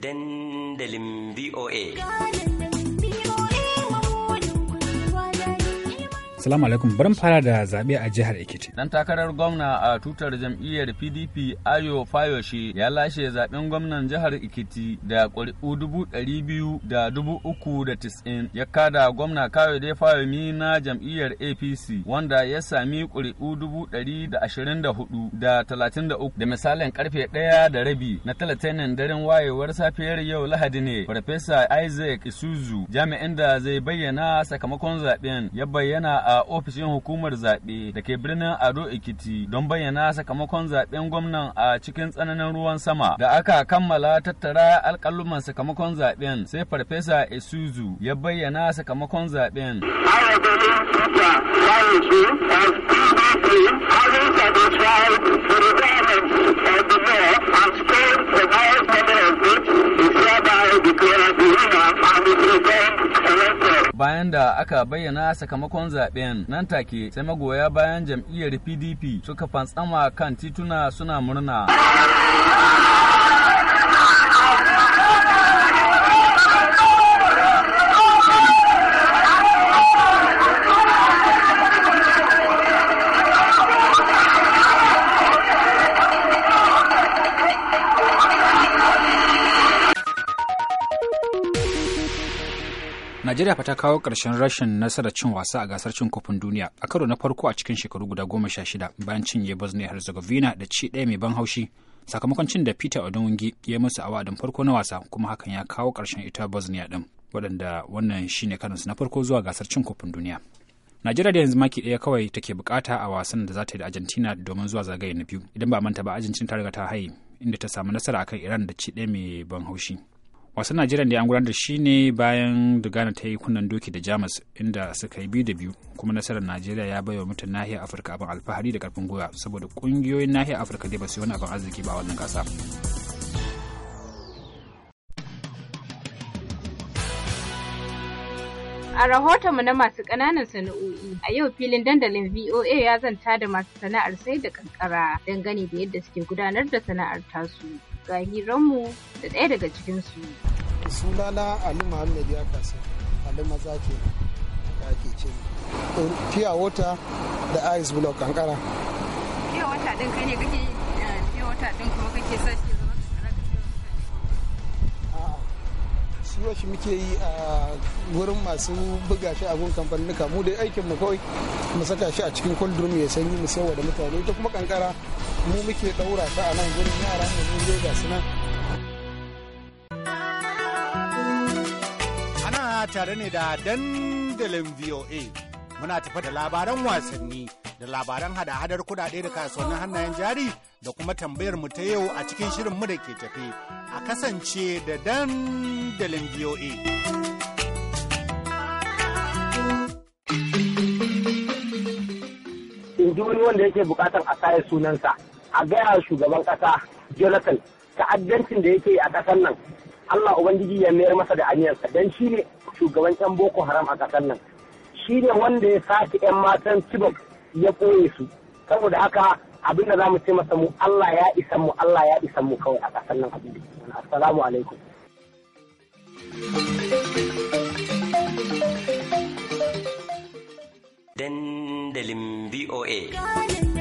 dandalin VOA. Assalamu alaikum barin fara da zaɓe a jihar Ekiti. Dan takarar gwamna a tutar jam'iyyar PDP Ayo Fayoshi ya lashe zaɓen gwamnan jihar Ekiti da ƙuri'u dubu ɗari biyu da dubu uku da tis'in ya kada gwamna Kayode Fayomi na jam'iyyar APC wanda ya sami ƙuri'u dubu ɗari da ashirin da hudu da talatin da uku da misalin karfe ɗaya da rabi na talatinin daren wayewar safiyar yau Lahadi ne Farfesa Isaac Isuzu jami'in da zai bayyana sakamakon zaɓen ya bayyana a a ofishin hukumar zaɓe da ke birnin Ado Ekiti don bayyana sakamakon zaɓen gwamnan a cikin tsananin ruwan sama da aka kammala tattara alƙaluman sakamakon zaɓen sai Farfesa Esuzu ya bayyana sakamakon zaɓen. bayan da aka bayyana sakamakon zaben nan take sai magoya bayan jam'iyyar pdp suka fantsama kan tituna suna murna Najeriya fa ta kawo ƙarshen rashin nasarar cin wasa a gasar cin kofin duniya a karo na farko a cikin shekaru guda goma sha shida bayan cinye Bosnia Herzegovina da ci ɗaya mai ban haushi sakamakon cin da Peter Odunwingi ya musu a wa'adin farko na wasa kuma hakan ya kawo ƙarshen ita Bosnia ɗin waɗanda wannan shine karinsu na farko zuwa gasar cin kofin duniya. Najeriya da yanzu maki ɗaya kawai take bukata a wasan da za ta yi da Argentina domin zuwa zagaye na biyu idan ba manta ba Argentina ta riga ta haye inda ta samu nasara akan Iran da ci ɗaya mai ban haushi. wasan najeriya da an gudanar da shi ne bayan da gana ta yi kunnen doki da jamus inda suka yi biyu da biyu kuma nasarar najeriya ya baiwa mutum nahiyar afirka abin alfahari da karfin gwiwa saboda kungiyoyin nahiyar afirka dai ba su yi wani abin arziki ba wannan kasa A rahotonmu na masu kananan sana'o'i a yau filin dandalin VOA ya zanta da masu sana'ar sai da kankara dangane da yadda suke gudanar da sana'ar tasu. Ga hiranmu da ɗaya daga cikinsu. sunana ali muhammad ya kasa ali maza ke da ake ce fiya wata da ice block kankara fiya wata din kai ne kake fiya eh, wata din kuma kake sa shi zama kankara siyo shi muke yi a wurin masu buga shi a gun kamfanuka mu dai aikin mu kawai mu saka shi a cikin kuldrum ya sanyi mu sayar da mutane ita kuma kankara mu muke daura ta a nan gurin yara ne mu ga su nan tare ne da dandalin VOA. Muna tafa da labaran wasanni da labaran hada-hadar kudade da kasuwannin hannayen jari da kuma tambayar mu ta yau a cikin shirin mu da ke tafe. A kasance da dandalin VOA. Injuri wanda yake bukatar a kaya sunansa, a gaya shugaban kasa Jonathan ta'addancin da yake a kasar nan Allah Ubangiji ya mayar masa da aniyarsa don shi ne shugaban 'yan Boko Haram a ƙasar nan. Shi ne wanda ya sace 'yan matan cibok ya ɓoye su. Saboda haka abin da za mu ce masa mu Allah ya isa mu Allah ya isa mu kawai a ƙasar nan abin. Assalamu alaikum. Dandalin BOA.